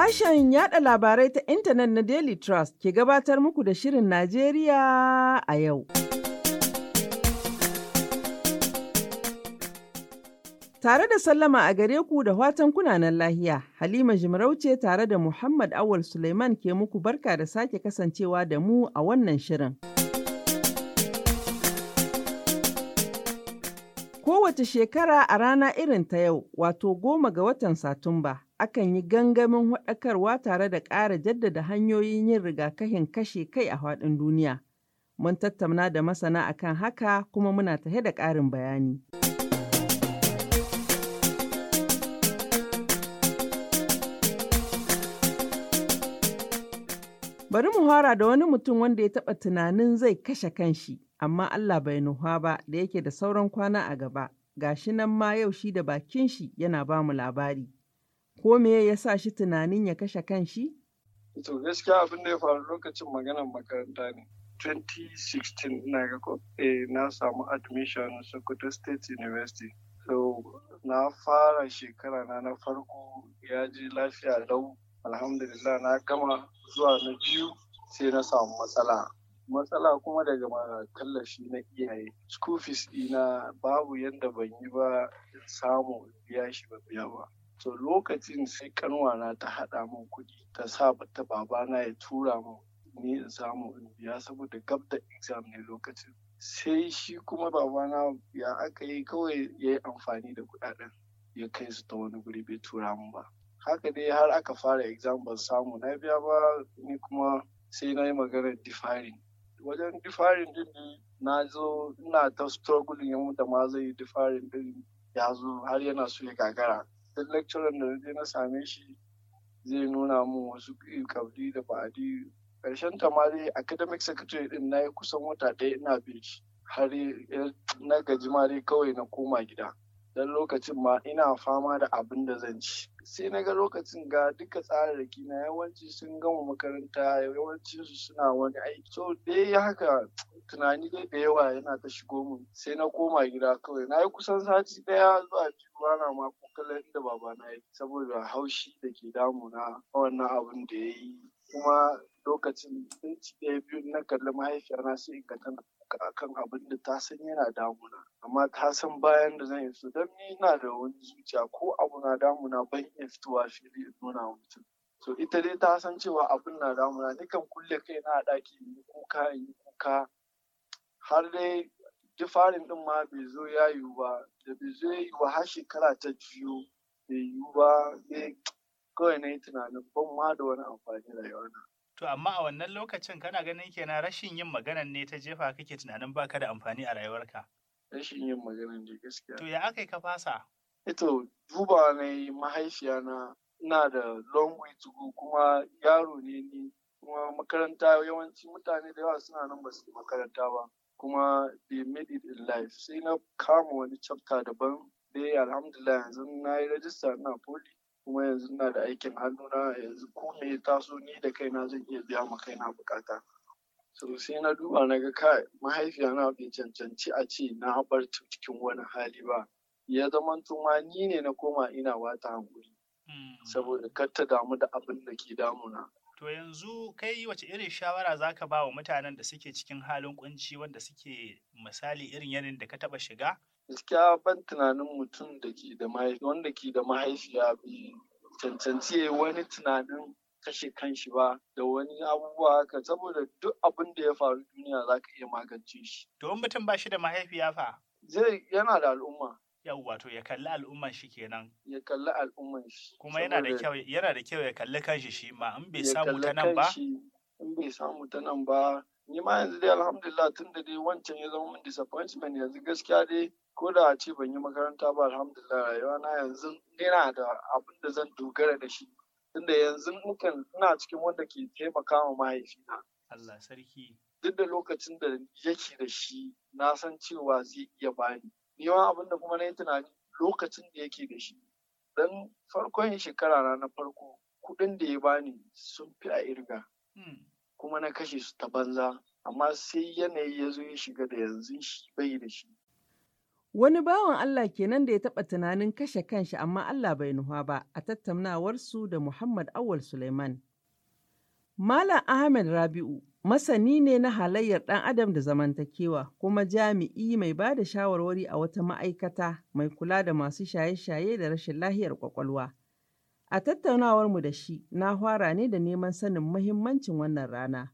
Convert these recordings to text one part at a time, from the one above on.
Sashen yada labarai ta intanet na Daily Trust ke gabatar muku da Shirin Najeriya a yau. Tare da sallama a gare ku da watan kunanan lahiya, Halima Jimarauce tare da Muhammad Awal Suleiman ke muku barka da sake kasancewa da mu a wannan shirin. Kowace shekara a rana irin ta yau, wato goma ga watan Satumba, akan yi gangamin faɗakarwa tare da ƙara jaddada hanyoyin yin rigakafin kashe kai a faɗin duniya. Mun tattauna da masana akan haka kuma muna tahe da ƙarin bayani. Bari mu fara da wani mutum wanda ya taɓa tunanin zai kashe kanshi, amma Allah bai nuha ba da yake da sauran kwana a gaba. Gashi nan ma yau shi da bakin shi yana ba mu labari. ko me ya sa shi tunanin ya kashe kan shi? To gaskiya abin da ya faru lokacin maganar makaranta ne. 2016 ina ga ko eh, na samu admission Sokoto State University. So na fara shekara na na farko ya ji lafiya lau alhamdulillah na gama zuwa na biyu sai na samu matsala. matsala kuma daga tallashi na iyaye school fees ɗina babu yadda ban yi ba samu biya shi ba biya ba to lokacin sai kanwana ta haɗa min kuɗi ta sa ta babana ya tura min ni in samu in biya saboda gab da exam ne lokacin sai shi kuma babana ya aka yi kawai ya yi amfani da kuɗaɗen ya kai su ta wani guri bai tura min ba haka dai har aka fara exam ban samu na biya ba ni kuma sai na yi maganar difarin wajen difarin din na zo ina ta struggling da ma zai yi difarin din ya zo har yana so ya gagara duk lecturer da je na same shi zai nuna min wasu kabdi da ba'adi karshen ta ma dai academic secretary din na yi kusan wata ɗaya ina bin shi har na gaji ma dai kawai na koma gida don lokacin ma ina fama da abin da zan ci sai na ga lokacin ga duka da na yawanci sun gama makaranta yawanci su suna wani aiki so dai haka tunani dai da yawa yana ta shigo min sai na koma gida kawai na yi kusan sati daya zuwa biyu bana ma kallon inda babana ya saboda haushi da ke damuna wannan abin da ya yi kuma lokacin minti ɗaya biyu na kalli na sai in ka tana akan abin da ta san yana damuna amma ta san bayan da zan fito don ni na da wani zuciya ko abu na damuna ban iya fitowa fili in nuna mutum so ita dai ta san cewa abin na damuna nikan kulle na a ɗaki in yi kuka in yi kuka har dai difarin ɗin ma bai zo ya yiwu ba da bai zo ya yiwu har shekara ta biyu bai yiwu ba eh, kawai na yi tunanin ban ma da wani amfani rayuwa na To amma a wannan lokacin kana ganin kenan rashin yin magana ne ta jefa kake tunanin baka da amfani a rayuwarka. Rashin yin maganan ne gaskiya. To ya aka yi ka fasa? Ito eh duba ne mahaifiya na na da long way to go kuma yaro ne ni kuma makaranta yawanci mutane da yawa suna nan ba su makaranta ba kuma they made it in life sai na kama wani chapter daban dai alhamdulillah yanzu na yi rajista ina poli kuma yanzu ina da aikin hannuna yanzu ko me ya taso ni da kaina zan iya biya ma kaina bukata so sai na duba na ga kai mahaifiya na bai cancanci a ce na bar cikin wani hali ba ya zama ma ni ne na koma ina wata hankuri hmm. saboda kar ta damu da abin da ke damuna To yanzu kai wace irin shawara za ka ba wa mutanen da suke cikin halin kunci wanda suke misali irin yanayin da ka taba shiga? Gaskiya ban tunanin mutum da ke da mahaifi wanda ke da mahaifiya bai cancanci wani tunanin kashe kanshi ba da wani abubuwa haka saboda duk abin da ya faru duniya za ka iya magance shi. To mutum ba shi da mahaifiya fa? Zai yana da al'umma. yau wato ya kalli al'umman shi kenan ya kalli al'umman shi kuma yana da kyau yana da kyau ya kalli kanshi shi ma in bai samu ta nan ba in bai samu ta nan ba ni ma yanzu dai alhamdulillah tun da dai wancan ya zama min disappointment yanzu gaskiya dai ko da a ce ban yi makaranta ba alhamdulillah rayuwa na yanzu yana da abin da zan dogara da shi tunda yanzu mukan ina cikin wanda ke taimaka ma mahaifina Allah sarki duk da lokacin da yake da shi na san cewa zai iya bani Niwa abin da kuma na yi tunani lokacin da yake da shi. Dan farkon shekara na farko kuɗin da ya bani sun fi a irga. Hmm. Kuma na kashe su ta banza. Amma sai yanayi ya zo ya shiga da yanzu shi bai da shi. Wani bawan Allah kenan da ya taɓa tunanin kashe kanshi amma Allah bai nuha ba a tattaunawarsu da Muhammad Awal Suleiman. Malam Ahmed Rabi'u Masani ne na halayyar ɗan adam da zamantakewa, kuma jami'i mai ba da shawarwari a wata ma'aikata mai kula da masu shaye-shaye da rashin lahiyar kwakwalwa A tattaunawarmu da shi, na fara ne da neman sanin muhimmancin wannan rana.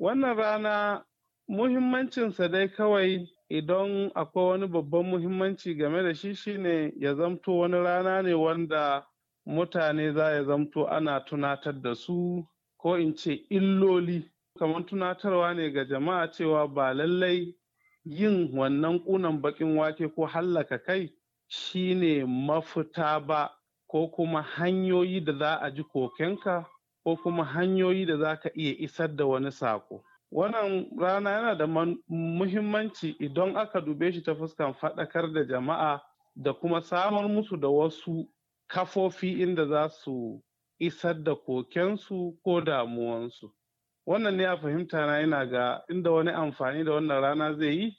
Wannan rana muhimmancinsa dai kawai idan akwai wani babban muhimmanci game da shi shine ya zamto wani rana ne wanda mutane za ya zamto ana tunatar da su ko in ce illoli kamar tunatarwa ne ga jama'a cewa ba lallai yin wannan kunan baƙin wake ko hallaka kai shine mafita ba ko kuma hanyoyi da za a ji kokenka ko kuma hanyoyi da za ka iya isar da wani sako. Wannan rana yana da muhimmanci idan aka dube shi ta fuskan faɗakar da jama'a da kuma samar musu da wasu kafofi inda za su isar da kokensu ko damuwansu. wannan ne a fahimta na yana ga inda wani amfani da wannan rana zai yi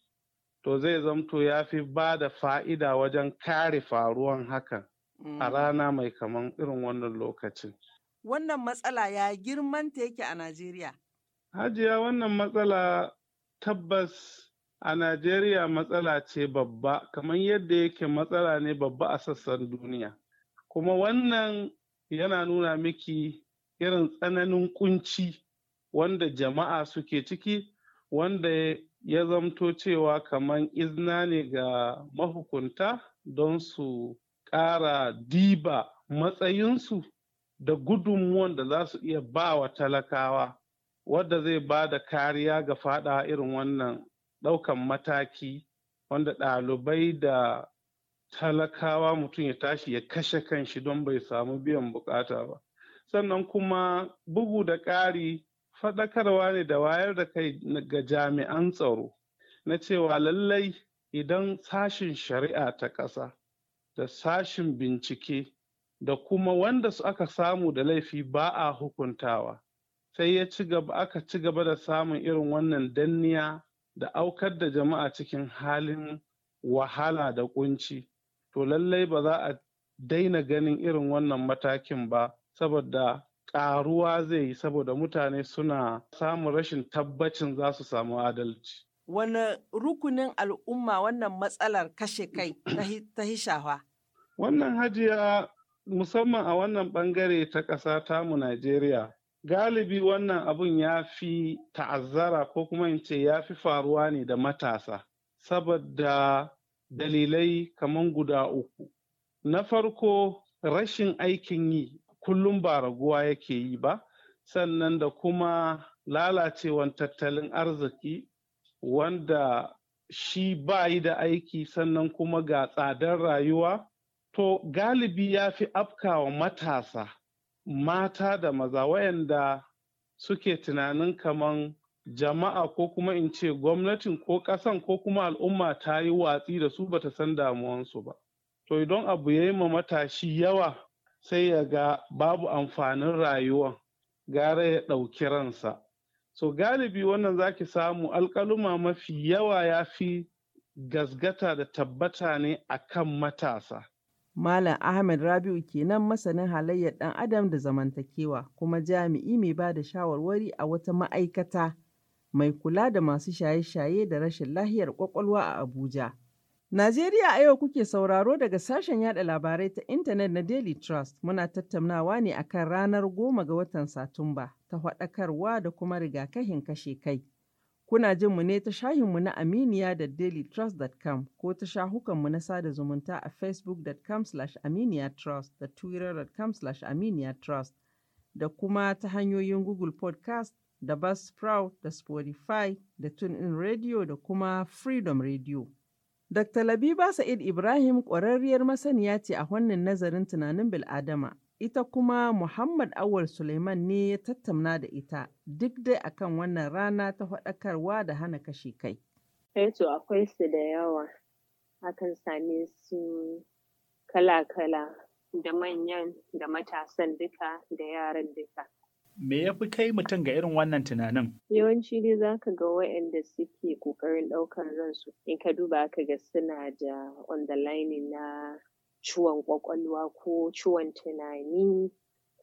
to zai zamto ya fi ba da fa'ida wajen kare faruwan hakan a mm. rana mai kaman irin wannan lokacin. Wannan matsala ya girmanta yake a Najeriya? Hajiya wannan matsala tabbas a Najeriya matsala ce babba kamar yadda yake matsala ne babba a sassan duniya. Kuma wannan yana nuna miki irin tsananin kunci wanda jama'a suke ciki wanda ya zamto cewa kamar izna ne ga mahukunta don su ƙara diba matsayinsu da gudunmuwan da za su iya ba wa talakawa wadda zai ba da kariya ga fada irin wannan ɗaukan mataki wanda ɗalibai da talakawa mutum ya tashi ya kashe kanshi don bai samu biyan bukata ba sannan kuma bugu da ƙari faɗakarwa ne da wayar da kai ga jami'an tsaro na cewa lallai idan sashin shari'a ta ƙasa da sashin bincike da kuma wanda su aka samu da laifi ba a hukuntawa sai ya ci gaba aka ci gaba da samun irin wannan danniya da aukar da jama'a cikin halin wahala da ƙunci, to lallai ba za a daina ganin irin wannan matakin ba saboda Ɗaruwa zai yi saboda mutane suna samun rashin tabbacin za su samu adalci. Wane rukunin al'umma wannan matsalar kashe kai ta hishawa? Wannan hajiya musamman a wannan bangare ta ƙasa tamu Najeriya. Galibi wannan abun ya fi ta'azzara ko kuma in ce ya fi faruwa ne da matasa, saboda dalilai kamar guda uku. Na farko rashin aikin yi kullum ba raguwa yake yi ba sannan da kuma lalacewan tattalin arziki wanda shi ba yi da aiki sannan kuma ga tsadar rayuwa to galibi ya fi afkawa matasa mata da maza wayanda suke tunanin kaman jama'a ko kuma in ce gwamnatin ko ƙasan ko kuma al'umma ta yi watsi da su bata san damuwansu ba to idan abu ya yi ma matashi yawa sai ya ga babu amfanin rayuwa gara ya ɗauki ransa so galibi wannan zaki samu alkaluma mafi yawa ya fi gasgata da tabbata ne a kan matasa Malam Ahmed Rabi'u kenan masanin halayyar ɗan adam da zamantakewa kuma jami'i mai ba da shawarwari a wata ma'aikata mai kula da masu shaye-shaye da rashin lahiyar kwakwalwa a Abuja. Najeriya a yau kuke sauraro daga sashen yada labarai ta intanet na Daily Trust. Muna tattaunawa ne akan ranar goma ga watan Satumba ta faɗakarwa da kuma rigakahin kashe kai. Kuna jin mu ne ta shahinmu na Aminiya da dailytrust.com ko ta shahukanmu na sada zumunta a facebookcom aminiyatrust da twittercom aminiyatrust da kuma ta hanyoyin Google Podcast da Buzzsprout da Spotify da TuneIn Radio da kuma Freedom Radio. Dr. Labiba Sa'id Ibrahim ƙwararriyar masaniya ce a wannan nazarin tunanin bil'adama, ita kuma Muhammad Awal Suleiman ne ya tattauna da ita duk dai akan wannan rana ta faɗakarwa da hana kashe kai. Eh to akwai su da yawa, akan same su kala-kala da manyan da matasan duka da yaran duka. Me ya fi kai mutum ga irin wannan tunanin? Yawanci ne za ka ga waɗanda suke ƙoƙarin ɗaukar ransu. In ka duba ka ga suna da on-the-line na ciwon ƙwaƙwalwa ko ciwon tunani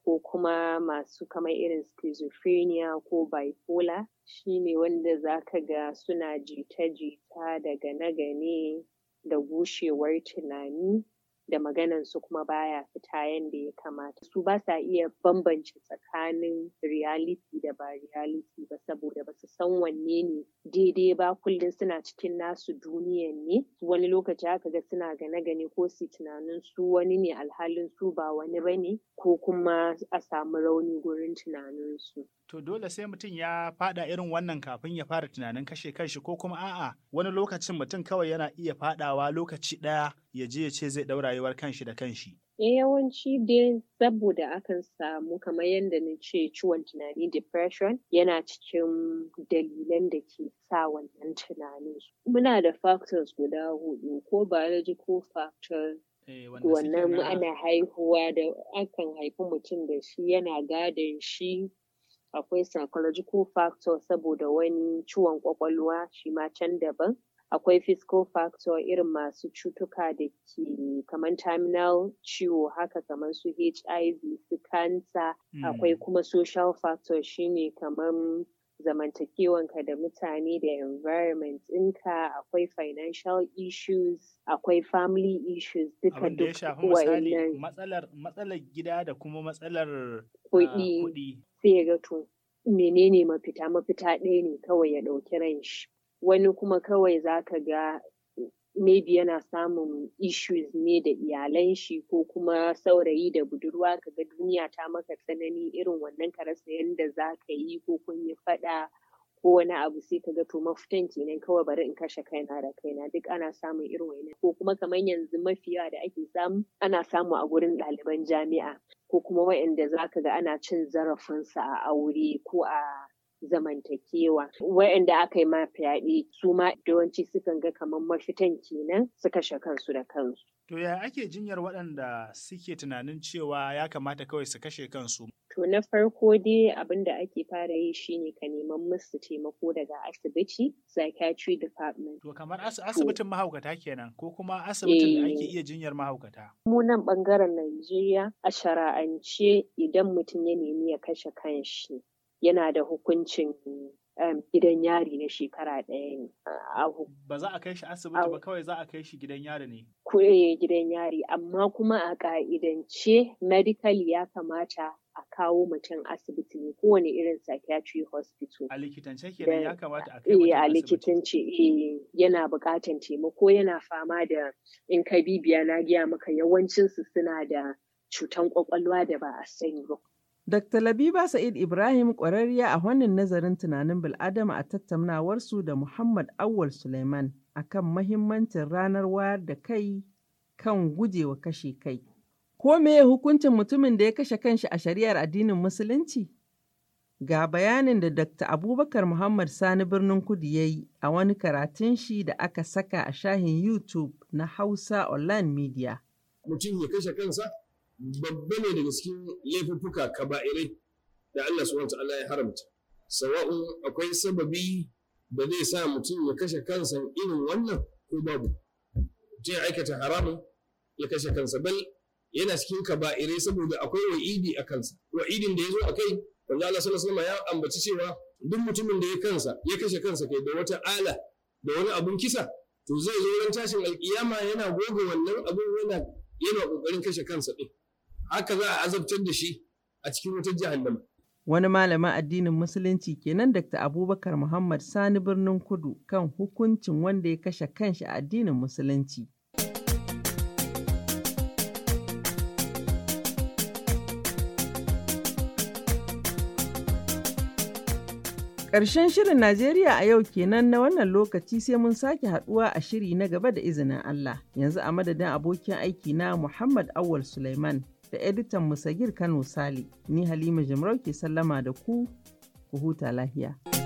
ko kuma masu kamar irin schizophrenia ko bipolar ne wanda za ka ga suna jita-jita daga gane-gane da gushewar tunani da maganan su kuma baya fita yadda ya kamata su ba sa iya bambance tsakanin reality da ba reality ba saboda ba su san wanne ne daidai ba kullum suna cikin nasu duniyan ne wani lokaci haka ga suna gane gane ko su tunanin su wani ne alhalin su ba wani ba ne ko kuma a samu rauni gurin tunanin su to dole sai mutum ya fada irin wannan kafin ya fara tunanin kashe kanshi ko kuma a'a wani lokacin mutum kawai yana iya fadawa lokaci daya ya je ya ce zai ɗau rayuwar kanshi da kanshi? E yawanci dai saboda akan samu kamar yadda na ce ciwon tunani depression yana cikin dalilan da ke sa wannan tunanin. Muna da factors guda hudu ko ko factor eh, wannan ana haihuwa da akan haifi mutum da shi yana gadon shi akwai psychological factor saboda wani ciwon kwakwalwa shi ma can daban akwai fiscal factor irin masu cutuka da ke kamar terminal ciwo haka kamar su hiv su cancer hmm. akwai kuma social factor shine kamar zamantakewanka da mutane da environment ɗinka akwai financial issues akwai family issues duka duk wa'innan matsalar matsalar gida da kuma matsalar ah, kuɗi sai ga to menene mafita mafita ɗaya ne kawai ya ɗauki ran shi wani kuma kawai za ka ga maybe yana samun issues ne da iyalan shi ko kuma saurayi da budurwa ka ga duniya ta maka tsanani irin wannan ka rasa yadda za ka yi ko kun yi faɗa ko wani abu sai ka ga to mafitan kenan kawai bari in kashe kaina da kaina duk ana samun irin wannan ko kuma kamar yanzu mafiya da ake samu ana samu a gurin ɗaliban jami'a ko kuma waɗanda za ka ga ana cin zarafinsa a aure ko a zamantakewa waɗanda aka yi ma fyaɗe su ma yawanci sukan ga kamar mafitan kenan su kashe kansu da kansu. To ya ake jinyar waɗanda suke tunanin cewa ya kamata kawai su kashe kansu? To na farko dai abin da ake fara yi shine ka neman musu taimako daga asibiti psychiatry department. To kamar asibitin mahaukata kenan ko kuma asibitin da ake eh. iya jinyar mahaukata. Mu nan bangaren Najeriya a shara'ance idan mutum ya nemi ya kashe kanshi yana da hukuncin um, gidan yari na shekara ɗaya ne. Ba za a kai shi asibiti ba kawai za a kai shi gidan yari ne. Kure eh, gidan yari, amma kuma a ƙa'idance medical ya kamata a kawo mutum asibiti ne kowane irin psychiatry hospital. A likitance ke ya kamata a kai eh, mutum a likitance eh, yana buƙatan taimako yana fama da in ka bibiya na gaya maka yawancinsu suna da cutan kwakwalwa da ba a sani ba Dr. Labiba Sa'id Ibrahim ƙwararriya a wannan nazarin tunanin bil'adama a tattaunawarsu da Muhammad Awwal Suleiman a kan mahimmancin ranar wayar da kai kan gujewa kashe kai. Ko meye hukuncin mutumin da ya kashe kanshi a shari'ar addinin Musulunci? Ga bayanin da Dr. Abubakar Muhammad Sani Birnin Kudu ya yi a wani karatun shi da aka saka a shahin YouTube na Hausa Online Media. Mutum ya kashe kansa babba ne daga cikin laifuffuka kaba'irai da Allah subhanahu ta'ala ya haramta sawa'un akwai sababi da zai sa mutum ya kashe kansa irin wannan ko babu mutum ya aikata haramun ya kashe kansa bal yana cikin kaba'irai saboda akwai wa'idi a kansa wa'idin da ya zo a kai wanda Allah sallallahu alaihi wasallam ya ambaci cewa duk mutumin da ya kansa ya kashe kansa kai da wata ala da wani abun kisa to zai zo ran tashin alkiyama yana goga wannan abun yana yana kokarin kashe kansa din haka za a azabtar da shi a cikin wutar jahannama. Wani malamin addinin Musulunci kenan Dr. Abubakar Muhammad Sani Birnin Kudu kan hukuncin wanda ya kashe kanshi a addinin Musulunci. Ƙarshen shirin Najeriya a yau kenan na wannan lokaci sai mun sake haɗuwa a shiri na gaba da izinin Allah. Yanzu a madadin abokin aiki na Muhammad Awal Suleiman. da editan musagir Kano Sale ni Halima Jimarau ke sallama da ku, ku huta lahiya.